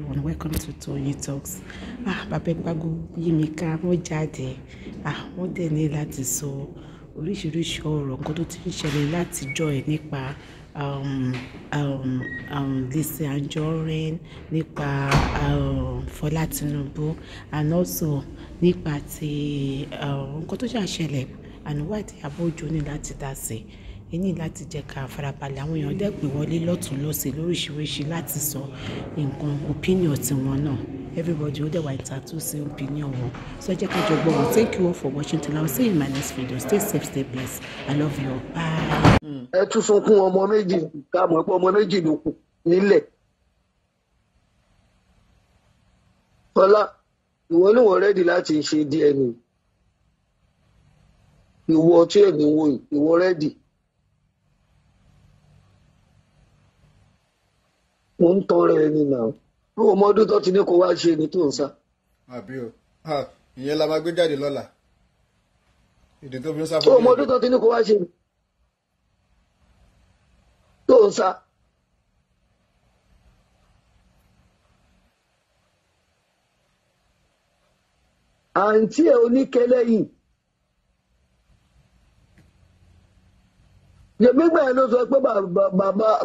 everyone welcome to Tony Talks ah bàbá Gbágbo yimika wọ́n jáde ah wọ́n dẹ̀ ní láti sọ oríṣiríṣi ọ̀rọ̀ nǹkan tó ti ń ṣẹlẹ̀ látijọ́ ẹ̀ nípa um, um, um, Lizzy Anjorin Nipa um, for Fọlá Tinubu and also nípa ti um, nǹkan tó ṣàṣẹlẹ̀ and what ní láti dá sí it? ẹ ní láti jẹ́ ká farabalẹ̀ àwọn èèyàn dẹ̀ pè wọlé lọ́tún lọ́sẹ̀ lóríṣiríṣi láti sọ nǹkan opinion tiwọn náà everybody ó dẹ̀ wà entitled sí opinion wọn so ẹ jẹ́ ká jọ gbọ́ wọn thank you all for watching till i will see you in my next video stay safe stay blessed i love you bye. ẹ tún sunkún ọmọ méjì ká mọ̀ pé ọmọ méjì ló kù nílẹ̀ Fọlá ìwọ ni wọ́n rẹ́dì láti ṣe DNA ìwọ tí èmi wò yìí ìwọ rẹ́dì. mo ń tọrọ ẹni náà ó mọ ọdún tó ti ní kó wá ṣe ni tó ń sá. àbí o ìyẹn la máa gbé jáde lọ́la ìdí tó fi ń sá fún mi. ó mọ ọdún tó ti ní kó wá ṣe ni tó ń sá. àǹtí ẹ oníkẹlẹ yìí nígbà yẹn ló sọ pé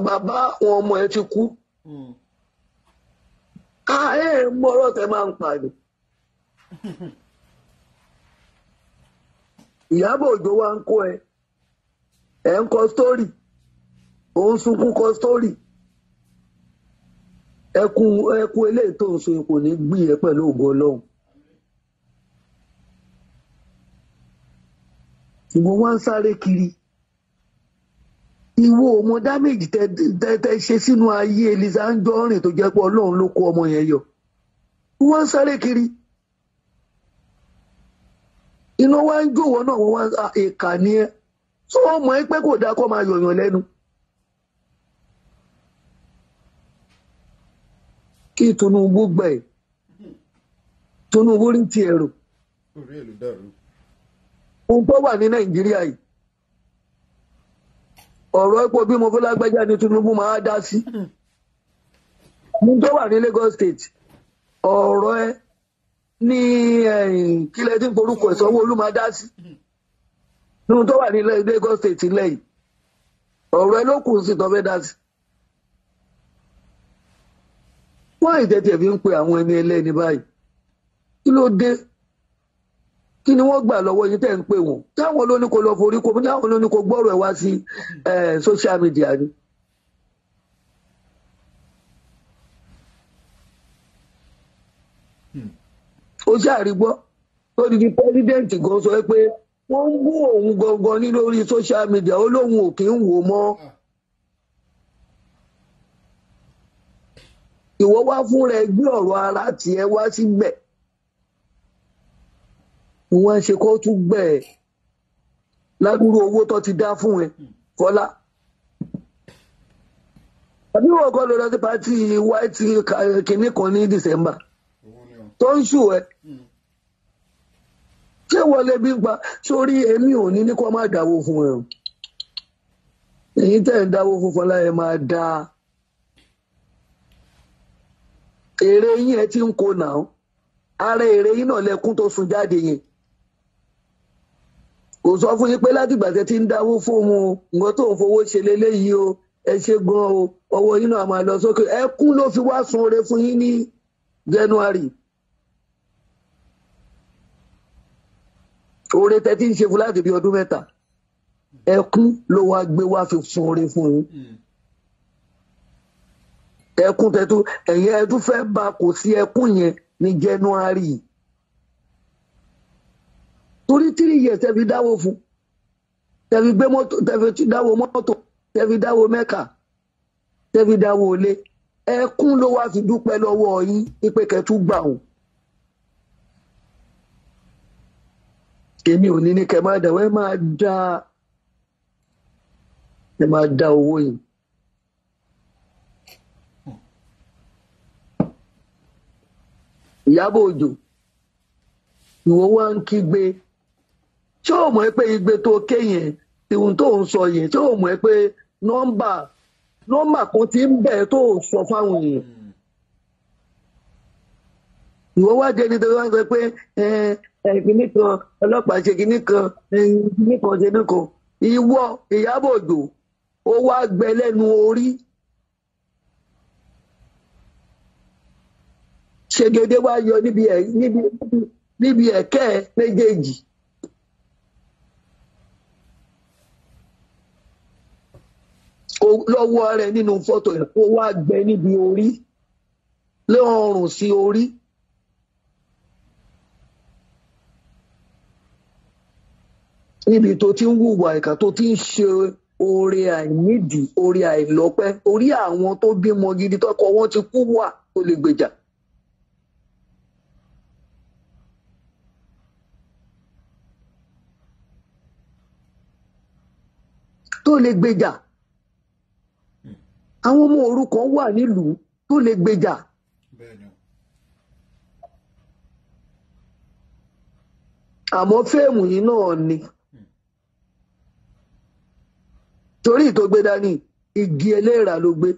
bàbá àwọn ọmọ ẹ ti kú. ayé gbọ́rọ̀ tẹ máa ń pàdé Ìyábọ̀ Òjó wa ń ẹ ẹ ń kọ sítórì ò ń sunkún kọ sítórì ẹkún ẹkún eléyìí pẹ̀lú kiri. Iwo ọmọ dámèjì tẹ tẹ ṣe sínú ayé Lizzy Anjorin tó jẹ́ pé Ọlọ́run ló kó ọmọ yẹn yọ wọ́n ń sáré kiri iná wá ń jòwọ́ náà wọ́n wá ń èkà ni ẹ́ tó ọmọ ẹ pé kò dáa kó máa yọ̀yàn lẹ́nu. kí Tinubu gbà ẹ Tinubu rí tiẹ̀ rò ohun tó wà ní Nàìjíríà yìí ọ̀rọ̀ ipò bímọ fọlágbájá ni Tinubu máa dá sí mú tó wà ní Lagos State ọ̀rọ̀ ẹ ní kílẹ̀ tí ń forúkọ ìsanwó olú máa dá sí nínú tó wà ní Lagos State lẹ́yìn ọ̀rọ̀ ẹ ló kù sí tó fẹ́ dá sí. wọ́n ìtẹ̀tẹ̀ fi ń pe àwọn ẹni ẹlẹ́ni báyìí kí ló dé kí ni wọ́n gbà lọ́wọ́ yín tẹ́ ń pè wọ́n táwọn ló ní kó lọ forí kó táwọn ló ní kó gbọ́rọ̀ ẹ̀ wá sí social media ni. Hmm. ó ṣàrígbọ́ tó di di pẹ́sidẹ́ǹtì gan sọ pé wọ́n ń bú òun gangan ní lórí social media ó lóun ò kí ń wò mọ́. ìwọ wá fúnra ẹ gbé ọ̀rọ̀ ara tiẹ̀ wá síbẹ̀. Si ni wọ́n ṣe kó tún gbẹ̀ ẹ́ ládùúrú owó tó ti dá fún ẹ Fọlá. àbí wọn kọ́ lọ lọ sí pàtí white kìnnì kan ní December tó ń ṣù ẹ ṣé wọlé bí gba sórí èmi ò ní ní kó má dáwó fún ẹ o èyí tẹ̀ ń dáwó fún Fọlá ẹ máa dáa èrè yín ẹ ti ń kó nà án ara èrè yín náà lẹkún tó sun jáde yẹn kò sọ fún yín pé látìgbà tẹ ti ń dáwó fóun o nǹkan tó ń fowó ṣe leléyìí o ẹ ṣe gan o ọwọ́ yín náà máa lọ sókè ẹkún ló fi wá sun oore fún yín ní January oore tẹ ti ń ṣe fún láti bí ọdún mẹ́ta ẹkún ló wá gbé wá fi sun oore fún yín ẹkún tẹ tún ẹ̀yin ẹ tún ba kò sí ẹkún yẹn ní January torí three years tẹ́ fi dáwó fún tẹ́ fi gbé mọ́tò tẹ́ fi dáwó mọ́tò tẹ́ fi dáwó mẹ́kà tẹ́ fi dáwó ilé ẹkún ló wá fi dúpẹ́ lọ́wọ́ yín ipe kẹtù gbà ó. èmi ò ní ní kẹ máa dà wẹ́ máa dá ẹ máa dá owó yìí. Ìyábọ̀ Òjó ìwọ wá ń kígbe ṣé o mọ̀ ẹ́ pé igbe tó ké yẹn ìhun tó ń sọ yìí, ṣé o mọ̀ ẹ́ pé ti ń bẹ̀ tó sọ fáwọn yìí. ìwọ wá jẹ́ tó wá sọ pé kan ọlọ́pàá ṣe kìnnì kan kan ṣe nìkan ìwọ ó wá lọ́wọ́ rẹ̀ nínú fọ́tò yẹn kó wá gbẹ níbi orí lé ọrùn sí orí. níbi tó ti ń hùwà ìkà tó ti ń ṣe oore àìnídìí oore àìlọ́pẹ́ orí àwọn tó bímọ gidi tọkọ wọn ti kú wà tó lè gbèjà. tó lè gbèjà. àwọn ọmọ kan wà nílùú tó lè gbèjà. àmọ́ fíìmù yìí náà ni torí tó gbé dání igi eléèrà ló gbé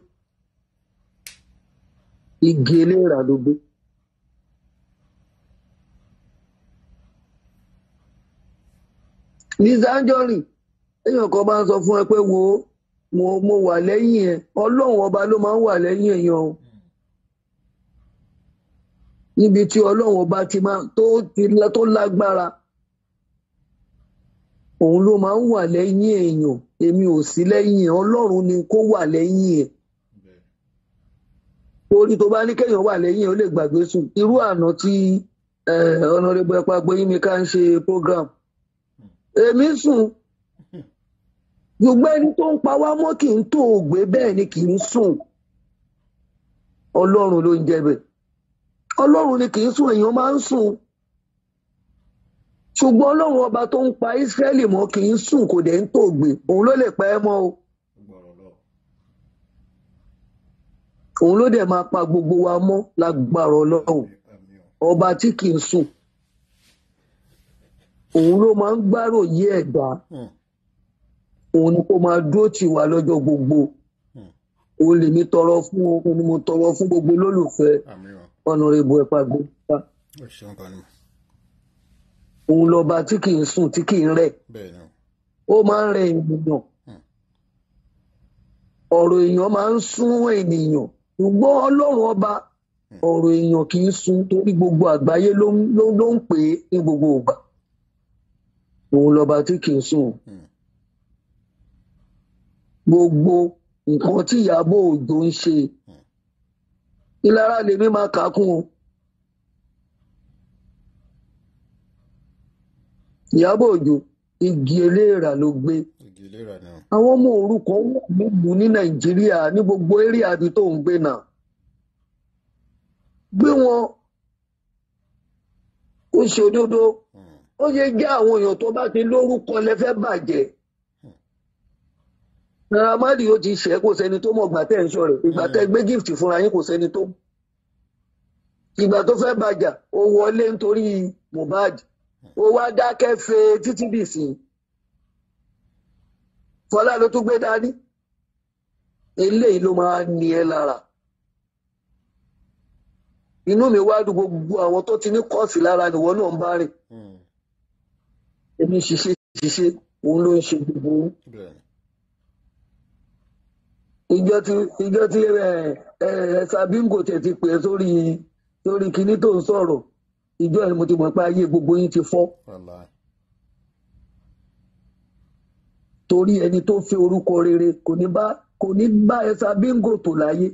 igi eléèrà ló gbé. ní sanjọ́rìn èèyàn kan bá ń sọ fún ẹ pé wo mo mo wà lẹ́yìn ẹ̀ ọlọ́run ọba ló máa ń wà lẹ́yìn èèyàn o níbi tí ọlọ́run ọba ti máa tó ti tó lágbára òun ló máa ń wà lẹ́yìn èèyàn èmi ò sí lẹ́yìn ẹ̀ ọlọ́run ni kó wà lẹ́yìn ẹ̀ Orí tó bá ní kéèyàn wà lẹ́yìn ẹ̀ ó lè gbàgbé sùn irú àná tí ọ̀nà rẹ̀ gbẹ̀pàgbé yín mi ká ń ṣe program èmi sùn gbogbo ẹni tó ń pa wá mọ́ kì í tó ògbé ni kì í sùn ọlọ́run ló ń jẹ ni kì í sùn èèyàn máa ń sùn ṣùgbọ́n ọba tó ń pa Ísírẹ́lì mọ́ kì í sùn kò dẹ̀ ń tó ògbé òun pa ẹ́ mọ́ o òun ló dẹ̀ máa pa gbogbo wa mọ́ lágbára ọlọ́run ọba tí kì í sùn òun ló máa ń gbárò yí òun ni kó máa dúró tì wá lọ́jọ́ gbogbo hmm. òun lèmi tọrọ fún òun ni mo tọrọ fún gbogbo olólùfẹ́ ọ̀nàrẹ́bù ẹ̀pà gbogbo òun lọ́ba tí kì í sùn tí kì í rẹ̀ ó máa ń rẹ ènìyàn hmm. ọ̀rọ̀ èèyàn máa ń sún ènìyàn ṣùgbọ́n ọlọ́run ọba hmm. ọ̀rọ̀ èèyàn kì í sun torí gbogbo àgbáyé ló ń pè é ní gbogbo ìgbà òun lọ́ba tí kì í sùn. Mm. gbogbo nǹkan tí ìyàbọ̀ Òjó ń ṣe ìlara lèmi máa kà á kún o. Ìyábọ̀ Òjó igi eléèrà ló gbé àwọn ọmọ òrukàn wà mímu ní Nàìjíríà ní gbogbo eréà ibi tó ń gbé náà gbé wọn ó ṣe òdodo hmm. ó yẹ jẹ́ àwọn èèyàn tó bá ti lórúkọ Naira Marley ó ti ṣẹ́ kò sẹ́ni tó mọ̀ ìgbà tẹ́ ń ṣọ̀rẹ́ ìgbà tẹ́ hmm. gbé gift fúnra yín kò sẹ́ni tó mọ̀ ìgbà tó fẹ́ bàjà ó wọlé nítorí Mohbad ó wá dákẹ́ fe títí dì sí Fọlá ló tún gbé dání eléyìí ló máa ní ẹ lára inú mi wá dùn gbogbo àwọn tó ti ní kọ́ọ̀sì lára nìwọ náà ń bá rìn hmm. èmi ṣiṣẹ́ ṣiṣẹ́ òun ló ń ṣe gbogbo ìjọ tí ìjọ tí ẹ ẹ ti pè é sórí sórí kinní tó ń sọ̀rọ̀ ìjọ ẹ̀ mo ti mọ̀ pé ayé gbogbo yín ti fọ́. torí ẹni tó fi orúkọ rere kò ní bá kò ní bá ẹ Sabim kò tò láyé.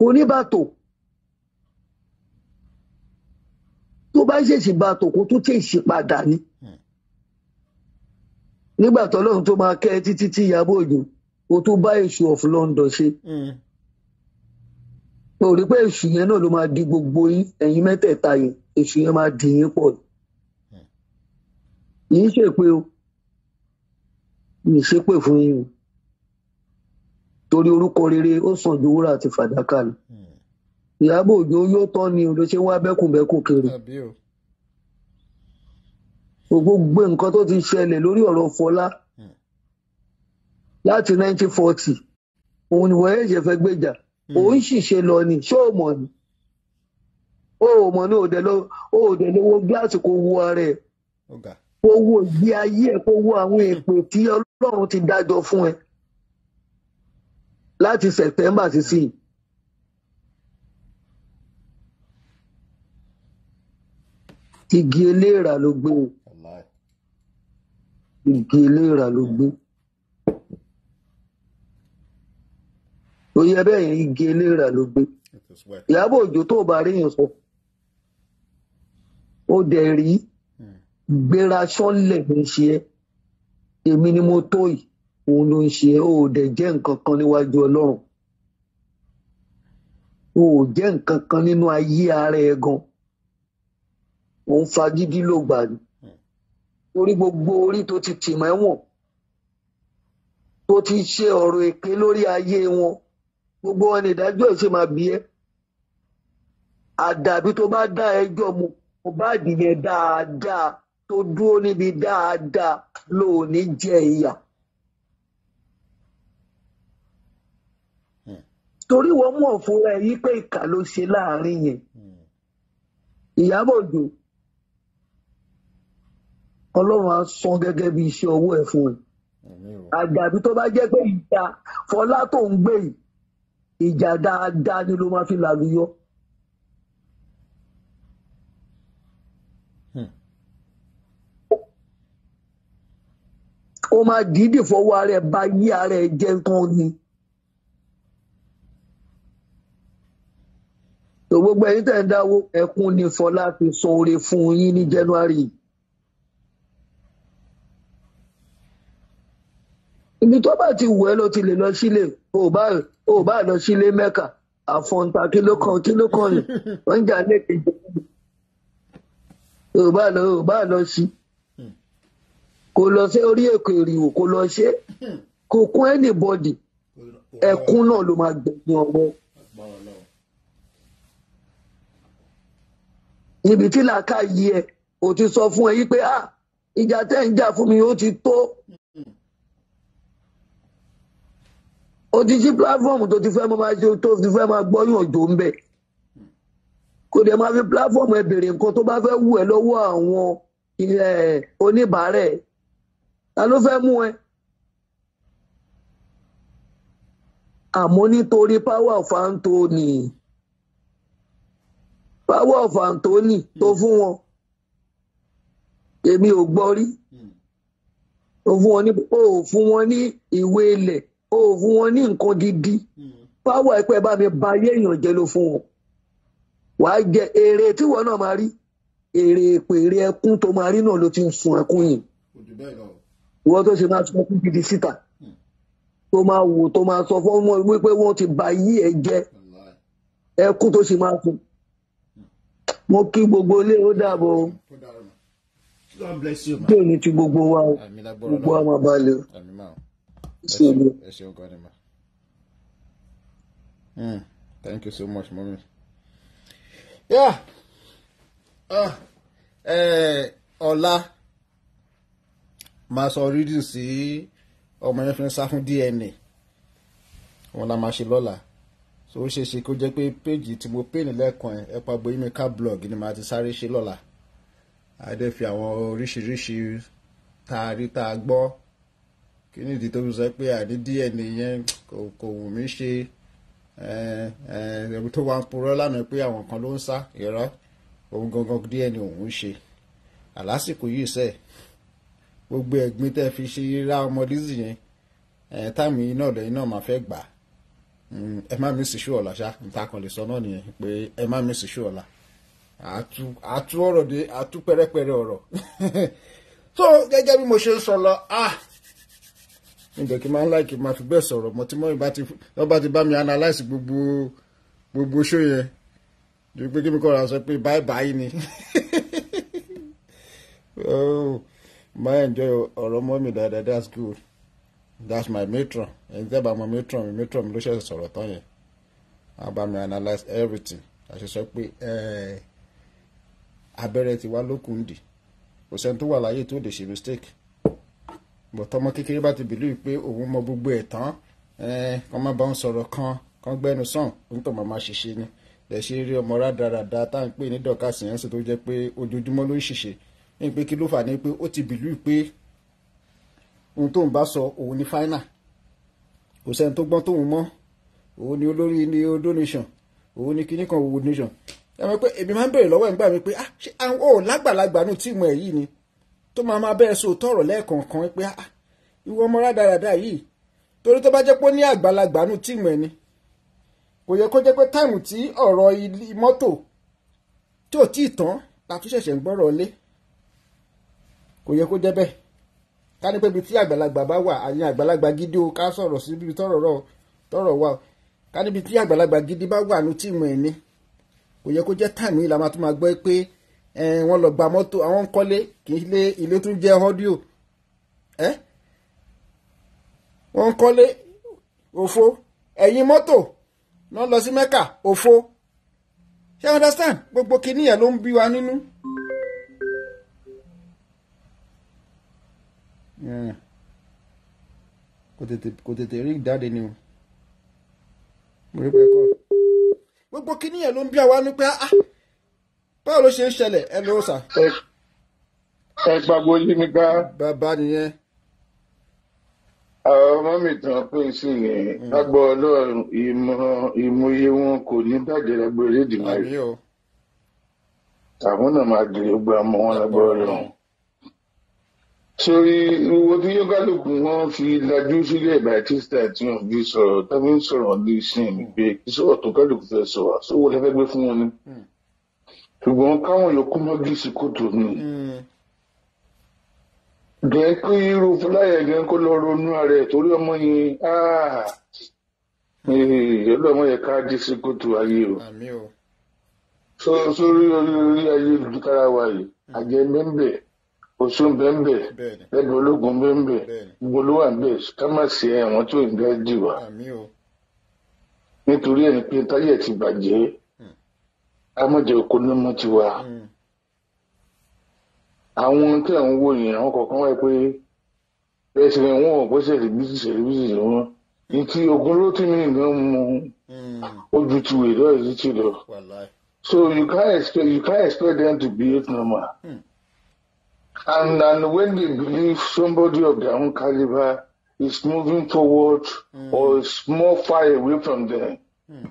kò ní bá tò. tó bá ṣèṣì bá tò kó tún ṣèṣì padà ni. Yeah. Hmm nígbà tọ́lọ́run tó máa kẹ́ títí tí Ìyábọ̀ Òjó o tó bá èṣù of London ṣe hmm. o rí pé èṣù yẹn náà ló máa di gbogbo yín ẹ̀yin mẹ́tẹ̀ẹ̀ta yẹn èṣù yẹn máa dì yín pọ̀ yìí ṣèpè o yìí ṣèpè fún yín o torí orúkọ rere ó sàn ju wúrà àti fàdákà lọ hmm. Ìyábọ̀ Òjó yóò tọ́ ni o ló ṣe wá bẹ́kùnbẹ́kùn kiri gbogbo nǹkan tó ti ṣẹlẹ̀ lórí ọ̀rọ̀ Fọlá hmm. láti 1940 òun ni wọ́n fẹ́ gbèjà hmm. òun ṣìṣe lọ ni ṣé o mọ̀ ni o mọ̀ ni o lówó gíláàsì kò wo ara ẹ̀ kó wo ìgbé ayé ẹ̀ kó wo àwọn èpè tí Ọlọ́run ti dájọ́ fún ẹ láti September sí sí yìí. igi eléèrà ló gbé o igi eléra ló gbé oyè bẹ́ẹ̀ yẹn igi eléra ló gbé Ìyábọ̀ Òjó tó bá rí yẹn sọ ó dẹ̀ rí hmm. gbéra sọ́lẹ̀ ní ṣe é èmi ni mo tó yìí òun ló ń ṣe é ó dẹ̀ jẹ́ nǹkan kan níwájú Ọlọ́run o ò jẹ́ nǹkan kan nínú ayé ara ẹ gan òun fagídí ló gbà ní torí gbogbo orí tó ti tì mẹ́wọ̀n tó ti ṣe ọ̀rọ̀ èké lórí ayé wọn gbogbo wọn ní ìdájọ́ ìṣe máa bí ẹ́ àdàbí tó bá dá ẹjọ́ mu Mohbad yẹn dáadáa tó dúró níbi dáadáa ló ní jẹ ìyà. Hmm. torí wọ́n mọ̀ fúnra ẹ̀ yí pé ìkà ló ṣe láàrin yẹn hmm. Ìyábọ̀ Òjó ọlọ́run á san gẹ́gẹ́ bí iṣẹ́ ọwọ́ ẹ̀ fún ẹ. àgbàbí tó bá jẹ́ pé ìjà fọlá tó ń gbé ìjà dáadáa ni ló máa fi làlùyọ. Hmm. ó máa dìídì fọwọ́ ara ẹ̀ bá yí ara ẹ̀ jẹ́ nǹkan ni. gbogbo ẹ̀yin tẹ̀ ń dáwó ẹkún ni fọlá fi san oore fún yín ní January yìí. ibi tó bá ti wù ẹ́ ló ti lè lọ sílé o bá o bá lọ sílé mẹ́kà àfọ̀ǹta kí ló kàn kí ló kàn yìí wọ́n ń jà lẹ́kẹ̀ẹ́ o bá lọ o bá lọ sí kò lọ sí orí èkó ìrìwò kò lọ ṣe kò kún anybody ẹkún náà ló máa gbẹ̀yìn ọwọ́. níbi tí làákà yí ẹ ò ti sọ fún ẹ yí pé ah, ìjà tẹ́ ń jà fún mi ó ti tó. o ti ṣí platform tó ti fẹ́ máa máa ṣe tó ti fẹ́ máa gbọ́yàn òjò ń bẹ̀ kò dẹ̀ máa fi platform ẹ bèrè nǹkan tó bá fẹ́ wù ẹ́ lọ́wọ́ àwọn oníbàárẹ̀ ta ló fẹ́ mú ẹ. àmọ́ nítorí power of Anthony power of Anthony tó hmm. fún wọn èmi ò gbọ́ rí hmm. ó fún wọn ní ìwé ilẹ̀ òògùn wọn ní nǹkan gidi power ẹ pé bá mi ba ayé èèyàn jẹ ló fún wọn wàá jẹ èrè tí wọn náà máa rí èrè pèrè ẹkún tó máa rí náà ló ti ń sun ẹkún yìí ìwọ tó ṣe máa tún ẹkún gidi síta tó máa wò tó máa sọ fún ọmọ wípé wọn ti ba ayé ẹ jẹ ẹkún tó ṣe máa sun mo kí gbogbo ilé ó dàbọ̀ o tí ò ní ti gbogbo wa o gbogbo wa máa balẹ̀ o ẹ ṣeun gan ni ma hmm, thank you so much mommy. yeah ah eh Ola. máa sọ rídì sí ọmọ yẹn fi ń sá fún DNA wọn la máa ṣe lọ́la so ó ṣeé ṣe kó jẹ́ pé péjì tí mo pè ní lẹ́ẹ̀kan ẹ̀ ẹ̀pà gboyimika blog ni màá ti sáré ṣe lọ́la àdé fi àwọn oríṣiríṣi tá a rí tá a gbọ́ kí ni ìdí tó fi sọ pé àní DNA yẹn kò wù mí ṣe ẹ̀ẹ́dẹ̀bí tó wà ń purọ́ lánàá pé àwọn kan ló ń sá irọ́ òun gangan DNA òun ń ṣe àlásìkò yìí sẹ́ẹ̀ gbogbo ẹ̀gbin tẹ́ fi ṣe ra ọmọ yẹn táàmì iná máa fẹ́ gbà hmm, ẹ má mi ọ̀la ṣá lè sọ náà nìyẹn pé ẹ má mi ọ̀la ǹjẹ́ kí n máa ń láìkí máa fi bẹ́ẹ̀ sọ̀rọ̀ mọ́ tí mọ́ ìbá ti lọ́ bá ti bá mi analyse gbogbo gbogbo ṣó yẹn ju pé kí mi kọ́ra sọ pé báyìí báyìí ni oh máa enjoy ọ̀rọ̀ mọ́ mi dáadáa that's good that's my matron ẹni tẹ́ bá mọ matron mi matron mi ló ṣẹ̀ṣẹ̀ sọ̀rọ̀ tán yẹn a bá mi analyse everything àṣẹ sọ pé abẹ́rẹ́ ti wá lókùn dì kò sẹ́ni tó wà láyé tó lè ṣe mistake bọ̀tọ́mọ kékeré bá ti bìlú pé òun mọ gbogbo ẹ̀ tán eh, kàn má bá òun sọ̀rọ̀ kan kàn gbẹ́nu sàn òun tó màmá ṣiṣẹ́ ni lẹ́sẹ̀ rí ọmọ rádaràda tá à ń pè ní dọ̀kásì yẹn sì tó jẹ́ pé ojoojúmọ́ ló ń ṣiṣẹ́ ní pé kí ló fà ní pé ó ti bìlú pé ohun tóun bá sọ òun ni fáínà kò sẹ́ni tó gbọ́n tóun mọ́ òun ni olórí ni donation òun ni kíníkan donation ẹ mọ̀ pé èmi máa ń béèrè lọ́wọ́ ẹ̀ ń gbà mí pé ah ṣé àwọn ò lágbàlagbà nù tíìmù ẹ̀ yìí ni tó máa máa bẹ́ẹ̀ sòótọ́ ọ̀rọ̀ lẹ́ẹ̀kọ̀ọ̀kan pé ah, ìwọ ọmọ rádaràda yìí torí tó bá jẹ́ pé ó ní àgbàlagbà nù tíìmù ẹni kò yẹ kó jẹ́ pé táìmù tí ọ̀rọ̀ mọ́tò tí ò tí ì tán la tún ṣẹ̀ṣẹ̀ ń gbọ́rọ̀ lé kò yẹ kó jẹ́ bẹ́ẹ̀ ká ní pé ibi tí àgbàlagbà bá wà àyìn àgbàlagbà gidi o ká sọ̀rọ̀ sí ibi tọ́rọ̀ tọ́rọ̀ wà o ká níbi tí àgbàlagbà gidi bá wà nù tíìmù ẹni kò yẹ kó jẹ́ táìmù yìí la máa tún máa gbọ́ pé Eh, wọ́n lọ gba mọ́tò àwọn kọ́lé kì í lé ilé tún jẹ́ ọ́díò eh? wọ́n kọ́lé òfo ẹ̀yìn mọ́tò lọ́n lọ sí mẹ́kà òfo ṣé understand gbogbo kinní yẹn ló ń bí wa nínú. Hmm. kò tètè rí ìdáde ni o mo rí pé kọ́ gbogbo kinní yẹn ló ń bí wa nínú pé ah. ah báwo ló ṣe ń ṣẹlẹ̀ ẹ ló sà. ẹ gbàgbọ́ yí mi ká. bàbá nìyẹn. àwọn ọmọ mi tàn pé sí yẹn lágbọ́ hmm. ọlọ́run ìmọ̀ ìmọ̀ye wọn kò ní bàjẹ́ lágbọ́ elédè mari. àwọn náà máa gèrè gba ọmọ wọn lágbọ́ ọlọ́run. sórí ìwo tí yóò kálukú wọn fi lajú sílẹ̀ bàtísítà tí wọn fi sọ̀rọ̀ tó fi ń sọ̀rọ̀ ní ìsìn mi pé kí sọ̀rọ̀ tó kálukú fẹ́ sọ̀rọ̀ sówó lẹ́fẹ́ gbé fún wọn ni. Hmm ṣùgbọ́n káwọn yòókù mọ́gì sí kòtò ni. Hmm. jẹ́ kí irú fúláyà yẹn kó lọ ronú ara ẹ̀ torí ọmọ yẹn ọlọ́mọ ah, yẹn ká dé sí kòtò ayé o. sórí orí orí ayélujára wa yìí hmm. àjẹ́ bẹ́ẹ̀ osun bẹ́ẹ̀nbẹ́ lẹ́bi ológun bẹ́ẹ̀nbẹ́ gbolówà bẹ́ẹ̀ ká má sí ẹ̀wọ̀n tó ń gbá jù wá. nítorí ẹni pé táyà ti bàjẹ́ amọ̀jẹ̀ òkú ní mú ti wà. Hmm. àwọn tí à ń wò yìí àwọn kọ̀ọ̀kan wáyé pé ẹsẹ̀ rẹ̀ wọ́n ọ̀pọ̀ ṣe rìbísì ṣe wọ́n ní ti ogun ló ti mìíràn gan mu hmm. ojú ti wè lọ́ọ̀ yìí ti lọ. so you can't expect you can't expect them to behave normal. Mm. And, and when they believe somebody of their own caliber is moving towards mm. or is more far away from them, mm.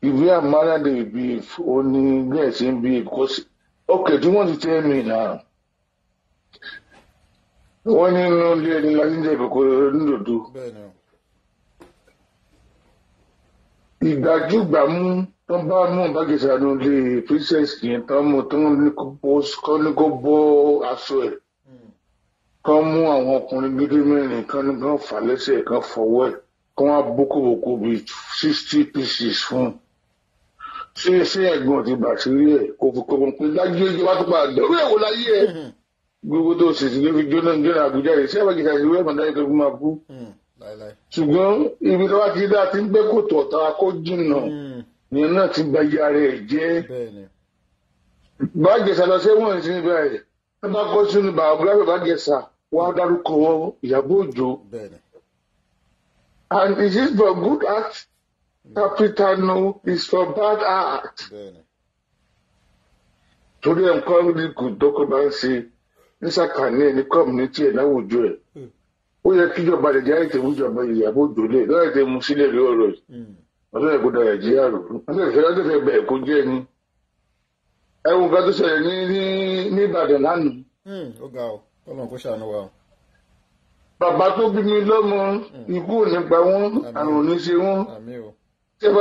If we married they beef only yes in beef because okay, do you want to tell me now? Wọ́n ní inú ilé ẹni láti ń jẹ̀bẹ̀ kó nílòdó. Ìgbàjúgbà mú tó ń bá mú bágẹ̀sà nù lé princess yẹn tó ń mú tó ń ní kó bọ́ aṣọ ẹ̀. Kán hmm. mú àwọn ọkùnrin gidi mẹ́rin kan ní kán fà lẹ́sẹ̀ kan fọwọ́ ẹ̀ kán wá bókòbókò bíi sixty pieces fún un ṣé ṣé ẹ̀gbọ́n ti bàṣírí ẹ̀ kò fi kọ́kọ́ pé dájú ẹjọ́ wá tó pa àdọ́rú ẹ̀wò láyé ẹ̀ hmm. gbogbo tó sì sí ló fi jóná jóná àbújá rẹ̀ ṣé ẹ̀bàgì ṣàṣì wẹ́ẹ̀ mọ̀dáyé tó fi máa kú. Hmm. ṣùgbọ́n ibi tó wá ti dá ti ń gbé kòtò ọ̀tá kó jìnnà yẹn hmm. náà ti ba iye ara ẹ̀ jẹ́. bàgẹ́sà lọ sẹ́wọ̀n ní sinibà ẹ̀ ẹ bá kọ́ sínú bàbá bàgẹ́sà wà á dárúkọ Ìyábọ̀ Òjó. and it is for good act capital no is for bad act. torí ẹ̀ ń kọ́ lígù dọ́kọ̀ bá ń ṣe ní sàkàní ẹ̀ ní kọ́mùnítì ẹ̀ láwùjọ ẹ̀ ó yẹ kíjọba lè jáde tèmú ìjọba ìyàbò jòlè láì tèmú sílẹ̀ rí ọ̀rọ̀ yìí wọ́n fẹ́ẹ́ kó dàrẹ̀ jíyà rò wọ́n fẹ́ẹ́ fẹ́ẹ́ bẹ̀ẹ̀ kó jẹ́ ni ẹ̀wù kan tó ṣẹlẹ̀ ní ní ní Ìbàdàn lánàá. Hmm, ó ga ọ Ọlọ́run kó ṣàánú wa o. bàbá tó bí mi lọ́mọ hmm. ikú ò ní pa wọ́n àrùn ò ní ṣe wọ́n. àmín o tí ó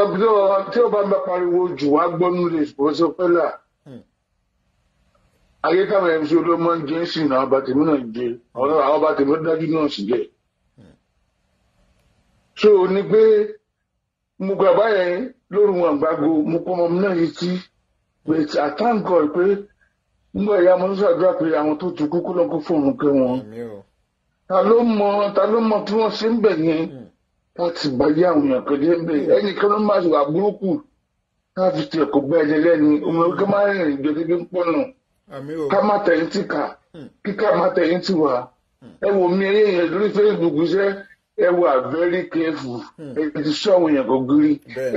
bá tí ó bá bá pariwo jù wá gbọ́ nílé ìfowópamọ́sọ pẹ́lá hmm. ayé táwọn mc olómọ ń jẹ́ sí náà bá tèmi náà jẹ àwọn hmm. bá dájú náà sì jẹ. Hmm. so ni pé mo gbà báyẹn lórí wọn àgbàgo mo kọ́ ọmọ mi náà yétí pé àtàǹkọ̀ pé nígbà ìyá mo ń ṣàdúrà pé àwọn tó tukú kó lọ́kọ́ fóònù kẹ́ wọn ta ló mọ ta ló mọ tí wọ́n ṣe ń bẹ̀ yẹn wọ́n ti bàyé àwọn èèyàn kẹjẹ ń bẹ ẹnì kan ló máa wà burúkú láti fi ẹ̀kọ́ bá ẹ̀jẹ̀ lẹ́ni ọmọ ẹgbẹ́ máa rìn ìrìn gẹ́gẹ́ ń pọ̀nà ká má tẹ̀yìn tì ká hmm. kí ká má tẹ̀yìn tì wá hmm. ẹ wò mí ẹyẹ yẹn lórí Facebook iṣẹ́ ẹ wà very careful hmm. ẹ ti sọ àwọn èèyàn kan giri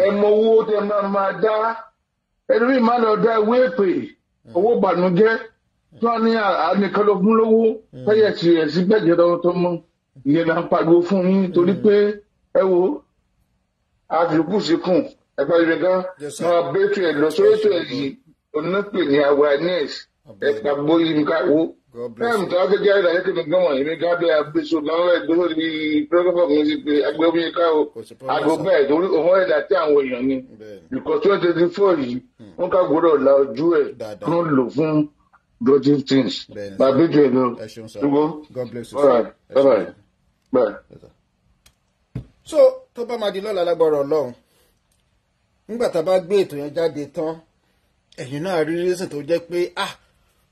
ẹ mọ owó tẹ máa máa dá ẹlòmí máa lọ dá ewé èpè owó bànújẹ́ tí wọ́n ní àníkan ló fún lówó fẹ́yẹ̀ tì sí gbẹ̀jẹ̀ lọ́wọ́ tó mọ ìyẹn là pariwo fún yín torí pé ẹ wo àfikún síkùn ẹgbàlejò gan máa bẹ́tù ẹ̀ lọ sórí ètò ẹ̀yìn onípè ní awareness ẹ̀ka gbóyè mi ká wo láàmì tó wáá gẹ́gẹ́ àìdá yẹ́kẹ́ mi gbọ́n wọ̀nyí mi gábẹ́ agbésò lọ́wọ́ ìgbésò ní pírọ́gọ́fọ̀ mi sí pé agbẹ́wọ́n yẹn ká o agbègbè ẹ̀ torí òun ẹ̀dá tí àwọn èèyàn ni ìkọ̀ twenty twenty four yìí hmm. wọ́n ká gbọ́dọ̀ la ojú ẹ̀ ló ń lò fún dodgy things bàbá ìjọ ẹ̀ lọ ṣùgbọ́n all right bye bye so tó bá máa di lọ́la lágbọ́rọ̀ ọlọ́run nígbà tá a bá gbé ètò yẹn jáde tán ẹ̀yìn náà rí rísìn tó jẹ́ pé ah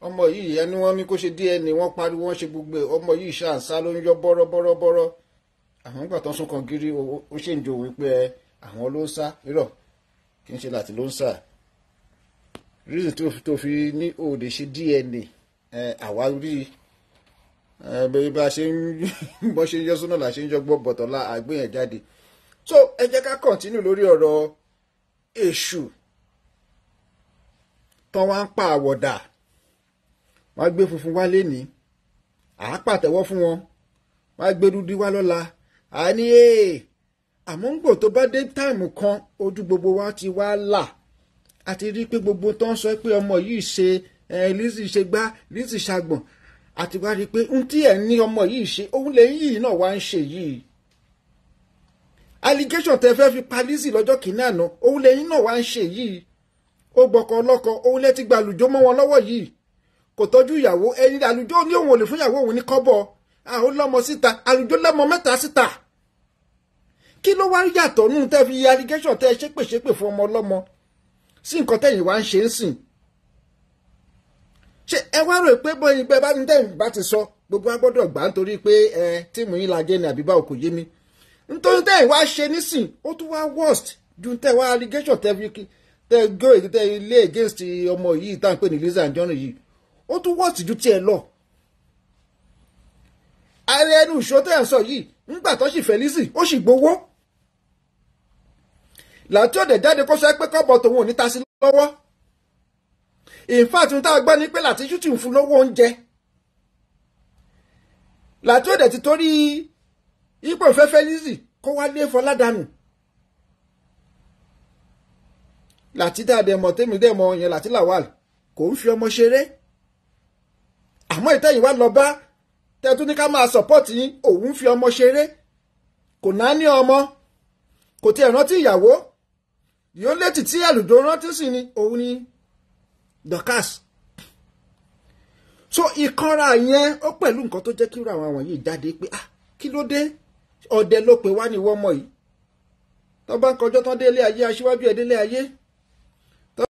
ọmọ yìí ẹni wọ́n ní kó ṣe DNA wọ́n pariwo wọ́n ṣe gbogbo ọmọ yìí ṣàǹsá ló ń yọ bọ́rọ́ bọ́rọ́ bọ́rọ́ àwọn ìgbà tán sún kan gírí ó ṣe ń jo òwe pé eh, àwọn ló ń sá rírọ̀ kì í ṣe láti ló ń sá rísìn tó fi ní òde oh, ṣe DNA eh, àwa rí i bẹ́ẹ̀ eh, bá ṣe ń bọ́ ṣe ń yọ sọ́nà là ṣe ń yọ gbọ́ bọ̀tọ̀lá àgbéyàn jáde so ẹ jẹ́ ká kọ̀ntínú lórí ọ̀rọ̀ èṣù tán wá ń pa àwọ̀dà wọ́n gbé funfun wá lénìí àá pàtẹ́wọ́ fún wọn wọ́n gbé dúdú wá lọ́la àá ní èè àmọ́ ń gbò tó bá dé táìmù kan ojú gbogbo wa ti wá là àti rí pé gbogbo tó sọ pé ọmọ yìí ṣe eh, Lizzy ṣe gbá Lizzy ṣàgbọ̀n àti wá rí i pé ohun tí ẹ̀ ní ọmọ yìí ṣe òun lè yìí náà wá ń ṣe yìí allegation tẹ fẹ́ fi pa Lizzy lọ́jọ́ kìíní àná òun lẹ́yìn náà wá ń ṣe yìí ó gbọ́kọ ọlọ́kọ òun lẹ́tí gba àlùjọ mọ́ wọn lọ́wọ́ yìí kò tọ́jú ìyàwó ẹni àlùjọ ní òun ò lè fún ìyàwó òun ní kọ́bọ̀ àwọn lọ́mọ síta àlùjọ lọ́mọ mẹ́ta síta kí ló wá yàtọ̀ nù tẹ́ fi allegation tẹ́ ṣépèṣépè fún ọmọ ọlọ́mọ sí nǹkan tẹ́yìn wá ń ṣe ń sìn ṣé ẹ wá rò pé bọ́yìn bẹ́ẹ̀ bá ní tẹ́yìn bá ti sọ gbogbo wọn gbọ́dọ̀ gbà nítorí pé ẹ tíìmù yín lajẹ ni àbí báwo kò yé mi nítorí tẹ́yìn wá ṣe nísìn ó tún wá worst ju tẹ́ wá allegation tẹ́ fi tẹ́ go tẹ́ ilé against ọmọ yìí tá à ń pè ní Lizzy Anjorin yìí ó tún worst ju tiẹ̀ lọ. ààrẹ ẹnu ìṣó tẹ́ ẹ̀ sọ yìí ńgbà tó sì fẹ́ Lizzy ó sì gbowó. làtí ọ̀dẹ̀ jáde kó sọ pé kọ́bọ̀ tòun ò ní ta sí lọ́wọ́ in fact ohun tá a gbọ́ ni pé Làtífù ti ń fún lówó oúnjẹ Làtífù òde ti torí ipò fẹ́fẹ́ lizzy kó wá lé Fọládànù Làtífù dáadẹ́ mọ̀ tèmi dẹ́ mọ̀ yẹn Làtífù Lawal kò ń fi ọmọ ṣeré àmọ́ ìtẹ́yìn wá lọ bá tẹ́tún ní ká máa sọ̀pọ́ọ̀tì yín òun fi ọmọ ṣeré kò náà ní ọmọ kò tiẹ̀ rántí ìyàwó yóò létí tí àlùjọ rántí sí ni òun ni Dorcas so ìkanra yẹn ó pẹ̀lú nǹkan tó jẹ́ kí irú àwọn àwọn yìí jáde pé ah kí ló dé ọ̀dẹ ló pè wá ní ìwọ́mọ yìí tó bá ń kọjọ́ tán délé ayé aṣíwájú ẹ̀ délé ayé